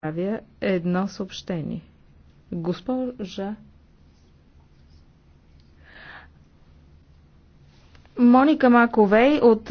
правя едно съобщение. Госпожа Моника Маковей от